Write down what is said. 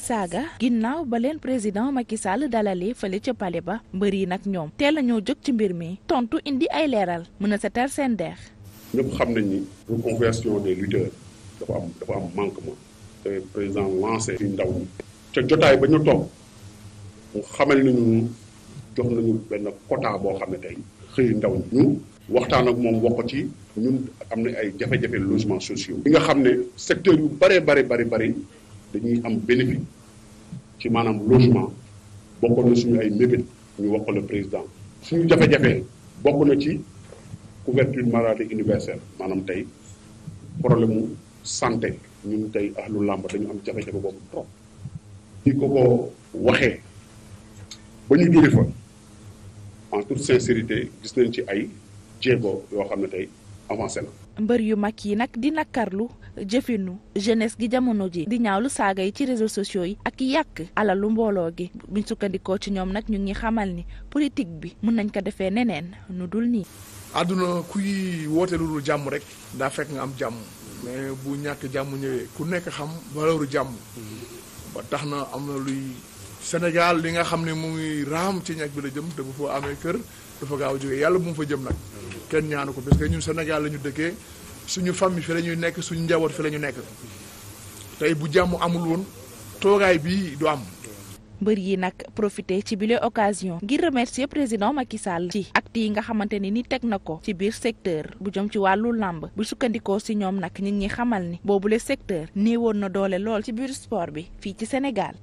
saaga ginnaaw ba leen président Macky Sall dalalee fële ca pale ba mbër yi nag ñoom teel a ñoo jóg ci mbir mi tontu indi ay leeral mën a seetal seen deex. ñëpp xam nañ ñi reconversion des lutteurs dafa am dafa am manquement te président lancé. ci ndaw ñi ca jotaay ba ñu toog mu xamal nañu jox nañu benn quota boo xam ne tey xëy ndaw ñu. waxtaan ak moom wax ci ñun am na ay jafe-jafe logement sociaux. bi nga xam ne secteur yu bare bare bare bare dañuy am bénéfice ci maanaam logement bokkoon na suñu ay mébét ñu wax ko le président suñu jafe-jafe bokk na ci couverture maladie universelle maanaam tey problème mu santé ñu tey ahlu làmb dañu am jafe-jafe boobu trop ni ko ko waxee ba ñu jóge fa en toute sincérité gis nañ ci ay jéego yoo xam ne tey avancé la. mbër yu mag yi nag di nakarlu jëfinu jeunesse gi jamono ji di lu saaga yi ci réseaux sociaux yi ak yàq alalu mbooloo gi buñ sukkandikoo ci ñoom nag ñu ngi xamal ni politique bi mun nañ ko defee neneen nu dul nii. àdduna kuy woote lu jàmm rek daa fekk nga am jàmm. mais bu ñàkk jàmm ñëwee ku nekk xam valeuru jàmm. ba tax na am na luy Sénégal li nga xam ne mu ngi raam ci ñàkk bi la jëm te bu fa amee kër dafa gaaw a yàlla bu mu fa jëm nag. kenn ñaanu ko parce que ñun Sénégal la ñu dëkkee suñu famille fi la nekk suñu njaboot fi la ñu nekk tey bu jàmm amul woon toogaay bi du am. mbër yi nag profité ci bile occasion ngir remercier président Macky Sall ci acte yi nga xamante ni ni teg na ko ci biir secteur bu jom ci wàllu làmb bu sukkandikoo si ñoom nag nit ñi xamal ni boobu boobule secteur néewoon na doole lool ci biir sport bi fii ci Sénégal.